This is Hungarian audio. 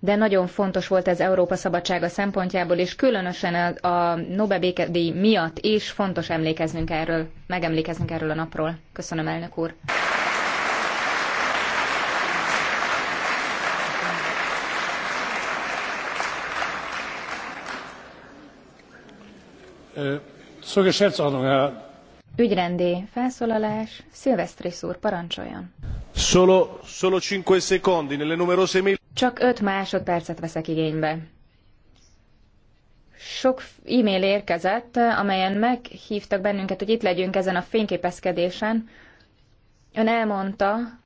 de nagyon fontos volt ez Európa szabadsága szempontjából, és különösen a, a Nobel békedi miatt is fontos emlékeznünk erről, megemlékeznünk erről a napról. Köszönöm, elnök úr! Hát- Ügyrendi felszólalás, Szilvesztris úr, parancsoljon. Solo, solo 5 secondi, nelle numerose mail... Csak öt másodpercet veszek igénybe. Sok e-mail érkezett, amelyen meghívtak bennünket, hogy itt legyünk ezen a fényképezkedésen. Ön elmondta,